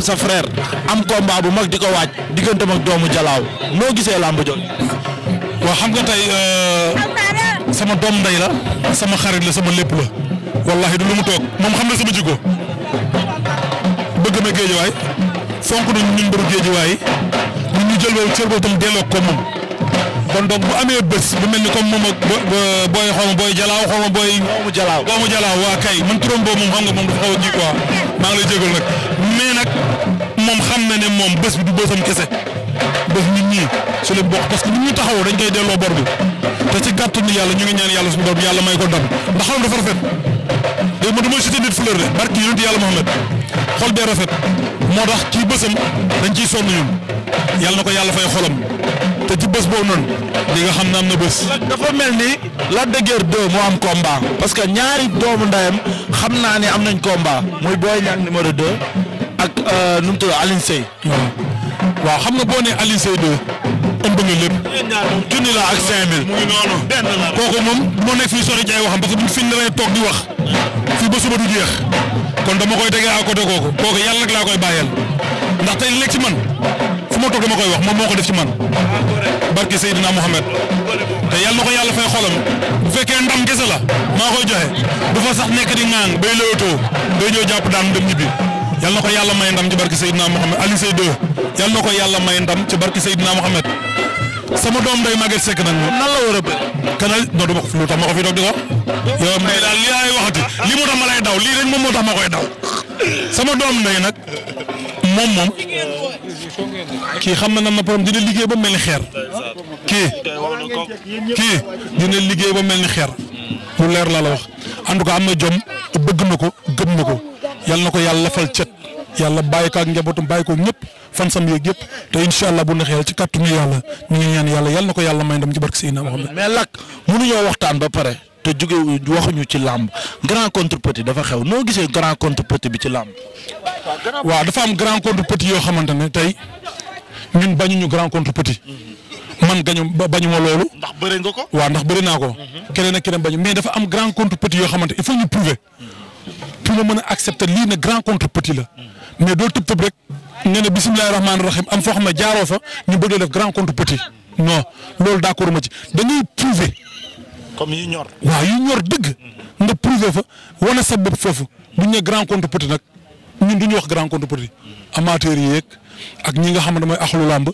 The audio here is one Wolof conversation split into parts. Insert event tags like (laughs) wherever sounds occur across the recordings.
sa frère am combat bu mag di ko waaj diggante mag doomu Jalaaw moo gisee làmb waa xam nga tey euh, sama doom ndey la sama xarit la sama lépp la wallahi du lu mu toog moom xam na sama jikko bëgg ma géej fonk nañ ñun mbëru géejewaay ñu jël boobu cër boobu tam delloo ko moom. kon donc ni comme moom ak booy xaw man turam boobu moom xam nga moom dafa xaw a kii quoi maa ngi lay jégal nag mais nag moom xam na ne moom bés bi du bésam kese bés nit ñi su leen bokk parce que nit ñi taxaw dañ koy delloo bor bi te ci gàttu ni yàlla ñu ngi ñaan yàlla suñu bor bi yàlla may ko ndam ndax xolam dafa rafet ma damay cité nit fleur de barki yàlla Muhammad xol bee rafet moo tax ci bésam dañ ciy sonn ñun yàlla na ko yàlla fay xolam te ci bés boobu noonu li nga xam ne am na bés. dafa mel ni Lac de Guiers 2 moo am combat parce que ñaari doomu ndayam xam naa ne am nañ combat muy Boy Niang numéro 2. ak euh, nu mu tudd Alioune waaw xam nga boo ne Alioune Seye de ëmb na lépp. junni la ak 5000. mu ngi noonu benn kooku moom moo nekk fii sori jaay waxam parce que fi ñu la toog di wax fii ba suba du jeex kon dama koy tegee à côté kooku kooku yàlla nag laa koy bàyyeel ndax tey lekk ci man fu ma toog dama koy wax moom moo ko def ci man barki Seydina Mohamed te yàlla na ko yàlla fay xolam bu fekkee ndam gese la maa koy joxe du fa sax nekk di ŋaang bay léewtoo day ñëw jàpp daan dem ñibbi. yal na ko yàlla may ndam ci barki Seydina Mohamed Aliou Seye 2 yal na ko yàlla may ndam ci barki Seydina Mohamed sama doom day Maguette Seck nag moom a bëri. kanal non du ma ko lu tax ma ko fi doog di moom moo tax ma koy daw sama doom day nag xam na ma borom dina liggéey ba mel ni xeer. kii dina liggéey ba mel ni xeer. lu leer laa la wax en tout am na jom bëgg na ko gëm na ko. yal na ko yàlla fal cet yàlla bàyyi ko ak njabootam bàyyi ko ñëpp fan sam yeeg yëpp te incha allah bu neexee yàlla ci kàttanu yàlla ñu ngi ñaan yàlla yal na ko yàlla may ndam ci barke Seydina Mohamed. mais Lac mënuñoo waxtaan ba pare te jóge waxuñu ci làmb grand contre petit dafa xew noo gisee grand contre petit bi ci làmb. waaw dafa am grand contre yoo xamante ne tey ñun bañuñu grand contre petit. man gañu bañu ma loolu. ndax bëri nga ko. waaw ndax bëri naa ko. Mhm. keneen ak keneen bañu mais dafa am grand contre petit yoo xamante il faut ñu prouver. pour nga mën a accepter lii ne grand contre petit la mais doo tëb tëb rek nee na bisimilah rahmaani rahim am foo xam ne jaaroo fa ñu bëgg def grand contre petit non loolu d'accord ma ci dañuy prouver. comme yu ñor. waaw yu ñor dëgg. nga prouver fa wane sa bopp foofu duñ ne grand contre petit nag ñun wax grand contre petit amateur ak ñi nga xam ne mooy axlu làmb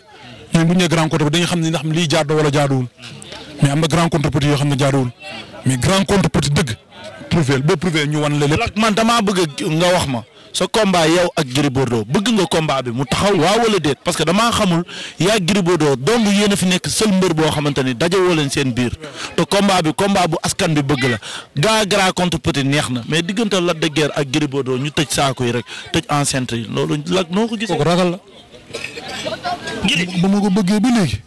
ñun ne grand contre dañuy xam ne ndax lii jaadoo wala jaaduwul mais am na grand mais grand contre prouvé boo prouvé ñu wan la lépp. man damaa bëgg nga wax ma sa combat yow ak Gris Bordeaux bëgg nga combat bi mu taxaw waaw wala déet parce que dama xamul yaa Gris Bordeaux donc yéen a fi nekk seul mbër boo xamante ni dajewoo leen seen biir te combat bi combat bu askan bi bëgg la gaa grand contre petit neex na mais diggante la de Guiers ak Gris Bordeaux ñu tëj saako yi rek tëj enceinte yi loolu lag noo ko gis kooku ragal la. ba mu ko bëggee ba léegi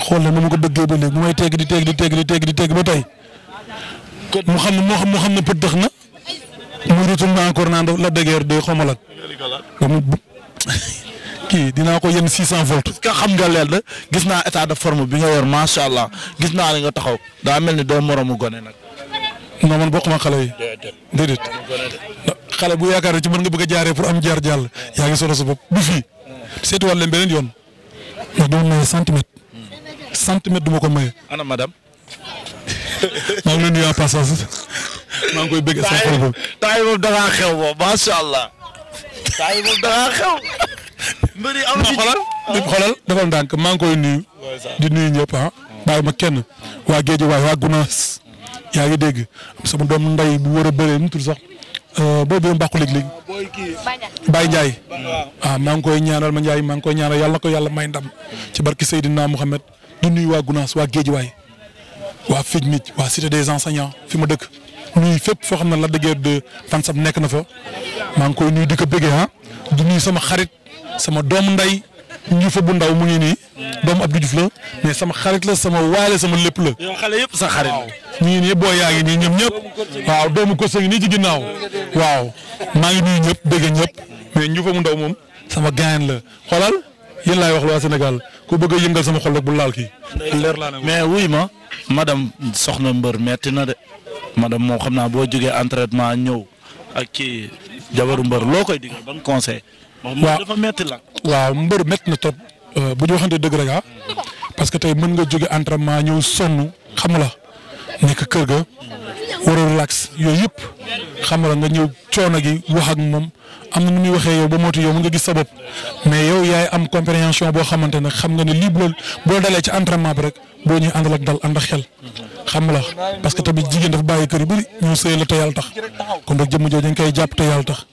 xool na ma ko bëggee ba léegi bu may tegg di tegg di mu xam ne moo xam ne pëtëx na. mu retourné encore naan la dëgër de xomalat. (laughs) kii dinaa ko yenn 600 volts. ka xam nga leen la gis naa état de forme bi nga yor macha allah gis naa li nga taxaw daa mel ni doo moromu gone nag. non man bokkuma xale yi. déedéet xale bu yaakaar ci mën nga bëgg a jaaree pour am jaar jàll yaa ngi solo su bopp bu fii seetuwaat leen beneen yoon. ndax dama maye centimètre. centimètre du ma ko maye. ana (laughs) maa ngi nuyu en passant maa ngi koy bëgg sa xol boobu. temps yi moom da xew moom allah. temps yi moom da xew. maa ngi koy nuyu. di nuyu ñëpp ah. bàyyi ma kenn waa géej waay waa Gunaas. yaa ngi dégg sama doom nday bu war a bëree nu tur sax euh, booy biram bàqu léegi-léegi ah, Baye Ndiaye waaw ah, maa ngi koy ñaanal ma Ndiaye maa ngi koy ñaanal yàlla na ko yàlla may ndam ci barki Seydina Mouhamed di nuyu waa Gunaas waa Géejawaay waa FIGMIC waa cité des enseignants fi ma dëkk nuyu fépp foo xam ne la dëggee de fan sab nekk na fa maa ngi koy nuyu di ko bëggee ah du nuyu sama xarit sama doomu nday ñu bu ndaw mu ngi nii doomu Abdou Diouf la sama xarit la sama waale sama lépp la. yow xale yëpp sa xarit la. ñu ngi nii boo yaa ngi nii ñoom ñëpp. waaw doomu ko ngi nii ci ginnaaw. waaw maa ngi nuyu ñëpp bëgg ñëpp mais ñu ndaw moom sama gaañ la xoolal yéen laay wax la waa Sénégal. ku bëgg a yëngal sama xol rek bu laal kii. leer laa ne mais wuy ma madame soxna mbër metti na de madame moom xam naa boo jógee entraînement ñëw ak ci jabaru mbër loo koy digal ban conseil. waaw la. waaw mbër metti na trop. Euh, bu ñu waxante dëgg rek a ah, parce que tey mën nga jóge entraînement ñëw sonn xam la nekk kër ga. war a relax yooyu yëpp xam la nga ñëw coono gi wax ak moom am na nu muy waxee yow ba mooti yow mën nga gis sa mais yow yaay am compréhension boo xamante ne xam nga ne lii boo boo dalee ci entraînement bi rek boo ñuy àndal ak dal ànd ak xel. xam nga la parce que tamit jigéen dafa bàyyi kër yu bëri ñëw sëy la te yàlla tax kon nag jëmm jooju dañ koy jàpp te yàlla tax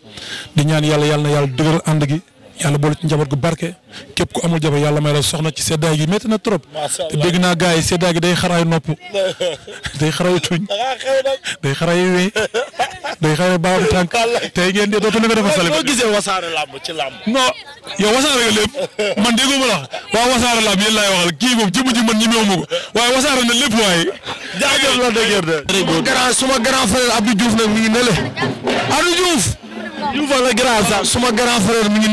di ñaan yàlla yàlla na yàlla dëgëral ànd gi. yàlla boole ci njaboot gu barke képp ku amul jabar yàlla may la soxna ci seddaay gi métti na trop te dégg naa gars yi seddaay gi day xaraay nopp (laughs) day xaraay tuñ day xaraay wéy day te baabu tànk (laughs) tey ngeen di dootu na nga defar sale boo gisee wasaare làmb ci làmb non yow wasaare nga lépp man déggoo ma la waaw wasaare làmb yéen laay waxal kii moom jëmm ji man ñi meewuma ko waaye wasaare na lépp waaye jaajëf la dëgër de grand suma grand frère Abdou Diouf ngi nele Abdou Diouf Diouf la grand sa mi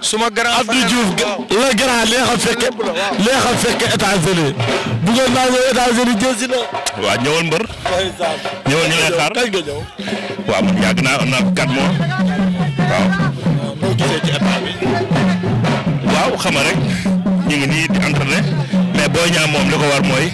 suma grand Abdou Diouf la grand lee xam fekke lee xam fekke États-Unis bëggoon naa ñëw waaw ñëwal mbër. ñëwal ñu lay xaar waaw man yàgg naa am na quatre ngi nii di entraîné mais moom li war mooy.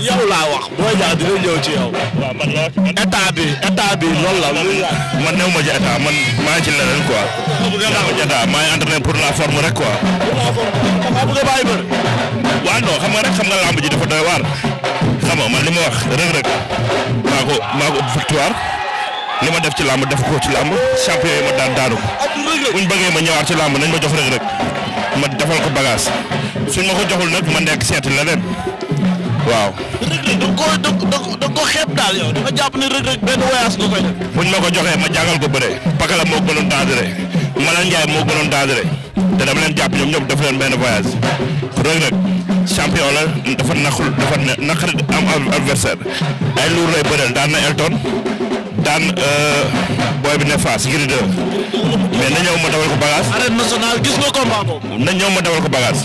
yow laa wax Boy Niang dina ñëw ci yow. waaw man la état bi état bi loolu la. man ma ci état maa ci leneen quoi. néew ma ci état maa ngi entraîné pour la forme rek quoi. waaw bëgg a bàyyi bëri. waaw non xam nga rek xam nga lamb ji dafa doy waar. xam nga li ma wax Reug Reug maa ko maa ko victoire. li ma def ci làmb def ko ci làmb champion ma daan daanu ko buñ bëggee ma ñëwaat ci làmb nañ ma jox rek rek ma defal ko bagage suñ ma ko joxul nag ma nekk seeti leneen waaw Reug Reug da ko xeeb daal yow da nga jàpp ne Reug Reug benn voyage nga koy def. ko joxee ma jàngal ko bëre la moo gënoon ma Malang Ndiaye moo gënoon daadere te dama leen jàpp ñoom ñoom def leen benn voyage Reug Reug champion la dafa naqul dafa naqari am adversaire ay luur lay bëreel daan na Elton daan euh, booy bi ne Fass ngir de mais na ñëw ma dawal ko bagage. arène nationale gis nga combat boobu. na ñëw ma dawal ko bagage.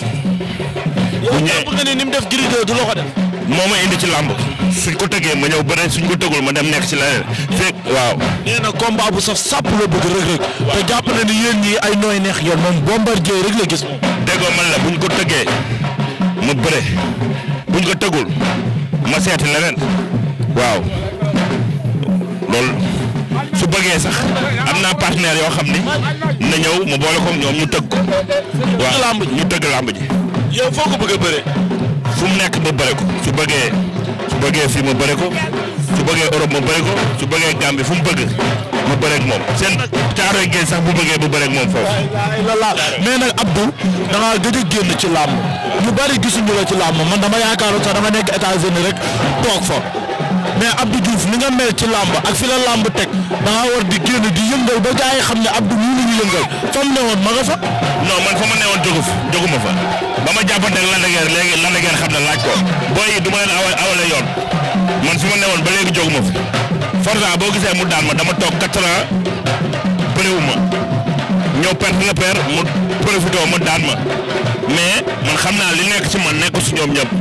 bu ñëwee yow nga mu def ngir de du la ko def. moo ma indi ci làmb suñ ko tëggee ma ñëw bëre suñ ko tëggul ma dem nekk ci leneen fekk waaw. nee na combat bu saf sàpp la bëgg Reug Reug. te jàpp na ni yéen ñii ay nooy neex yoon moom Bombardier rek la gis. déggoo man la buñ ko tëggee ma bëre buñ ko tëggul ma seeti leneen waaw loolu su bëggee sax am naa partenaire yoo xam ne na ñëw ma boole ko ñoom ñu tëgg ko. waaw ñu tëgg làmb ji. foo ko bëgg bëree. fu mu nekk ma bëri ko su bëggee su bëggee fii ma bari ko su bëggee Europe ma bëri ko su bëggee Gambie fu mu bëgg ma bëri ak moom seen caaroy géej sax bu bëggee bu bëri ak moom foofu. waaw mais nag Abdou da ngaa gëj a génn ci làmb ñu bëri gisuñu la ci làmb man dama yaakaaroon sax dama nekk États-Unis rek toog fa. mais Abdou Diouf ni nga mel ci làmb ak fi la làmb teg da nga war di génn di yëngal ba gars xam ne Abdou mii la ñu yëngal fa mu newoon ma nga fa. non man fa ma newoon jógu fa jógu ma fa ba ma jàppanteeg lan la ngeen lan la ngeen xam ne laaj ko booy yi ma leen awa yoon man fi ma newoon ba léegi jógu ma fa boo gisee mu daan ma dama toog quatre ans bëriwu ma ñëw perte la paire mu profité ma daan ma mais man xam naa li nekk si man nekk si ñoom ñëpp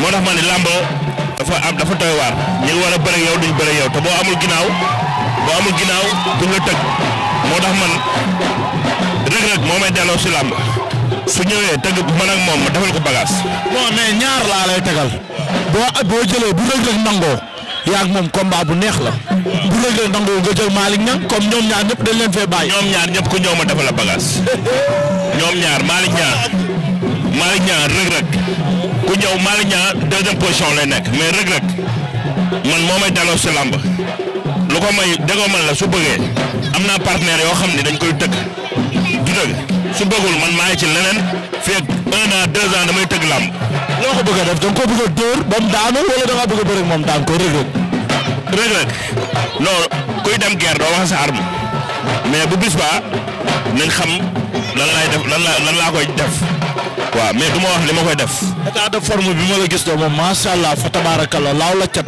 moo tax ma ne làmb. dafa am dafa doy waar ñi war a bëre yow duñ bëre yow te boo amul ginnaaw boo amul ginnaaw duñ la tëgg moo tax man Reug Reug moo may delloo si làmb su ñëwee tëgg man ak moom ma defal ko bagage. non mais ñaar lay tegal boo boo jëlee bu Reug nangoo yaa ak moom bu neex la bu Reug Reug nangoo nga jël Malick Niang comme ñoom ñaar ñëpp dañ leen fee bàyyi. ñoom ñaar ñëpp ku ñëw ma defal la bagage ñaar Malick Niang. Malick Niang Reug Reug ku ñëw Malick Niang deuxième position lay nekk mais Reug Reug man moo may daloo si làmb lu ko may déggoo man la su bëggee am naa partenaire yoo xam ne dañ koy tëgg du dëgg su bëggul man maa ngi ci leneen fii ak a an deux ans damay tëgg làmb. loo ko bëggee a def da nga ko bëgg a dóor ba mu daanu wala da nga bëgg a bëri moom daan ko Reug Reug. Reug kuy dem guerre doo wax sa arme mais bu bis ba nañ xam lan laay def lan laa lan laa koy def. waaw mais du ma wax li ma koy def. état de forme bi ma la gis doo moom macha allah fa tabaarakalla laaw la cat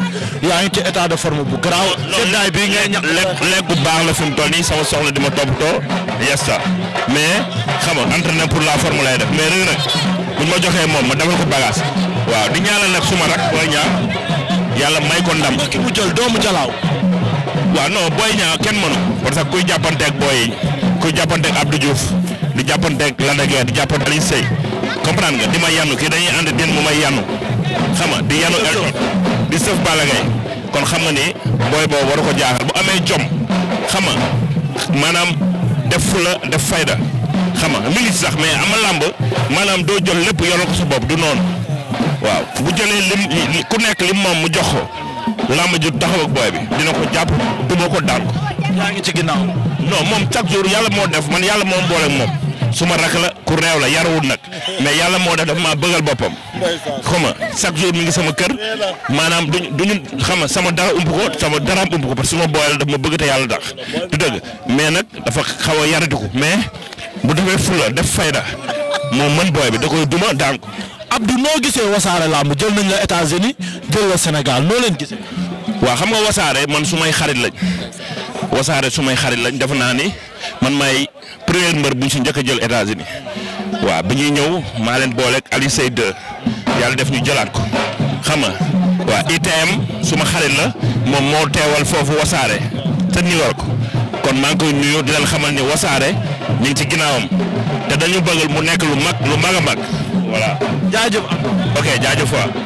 yaa ngi ci état de forme bu garaaw. seddaay bi ngay ñaq lekk lekk bu baax la fi mu toll nii sama soxla di ma toppatoo yes sa mais xam nga entraîné pour la forme lay def mais rëy nag bu ma joxee moom ma defal ko bagage. waaw di la nag suma rak booy ñaa yàlla may ko ndam. ki mu jël doomu jalaaw. waa no booy ñaa kenn mënu. parce que kuy jàppanteeg booy yi kuy jàppanteeg di jàppanteeg Lac de Guiers di jàppante Alioune Seye comprendre nga di ma yanu kii dañuy ànd din mu may yanu xam nga di yanu Elton di sëf Balla kon xam nga ni booy boobu waru ko jaaxal bu amee jom xama maanaam def fula def fayda xama nga sax mais ama làmb maanaam doo jël lépp yoroo ko sa bopp du noonu waaw bu jëlee lim ku nekk lim moom mu jox ko làmb ju taxaw ak booy bi dina ko jàpp duma ko daan ko. yaa ngi ci ginnaaw. non moom chaque jour yàlla moo def man yàlla moom boole moom. su ma rak la ku réew la yarawut nag mais yàlla moo def dafa maa bëggal boppam xama chaque jour mi ngi sama kër maanaam duñ duñu xama sama dara ump ko sama daraam ump ko parce que suma booy la daf ma bëgg te yàlla tax du dëgg mais nag dafa xaw a ko mais bu defee fula def fayda moo mën booy bi da koy duma daan ko Abdou noo gisee wasaare làmb jël nañ la États-Unis jël la Sénégal noo leen gisee. waa xam nga wasaare man su may xarit lañ wasaare may xarit lañ def naa ni man may premier mbër bu ñu si njëkk a jël États-Unis waaw bi ñuy ñëw maa leen booleeg Aliou Seye 2 yàlla def ñu jëlaat ko xam nga waa ITM suma xarit la moom moo teewal foofu wasaare te New York kon maa ko koy nuyu di leen xamal ni wasaare ñu ci ginnaawam te dañu bëggal mu nekk lu mag lu mag a mag voilà. ok jaajëf waaw.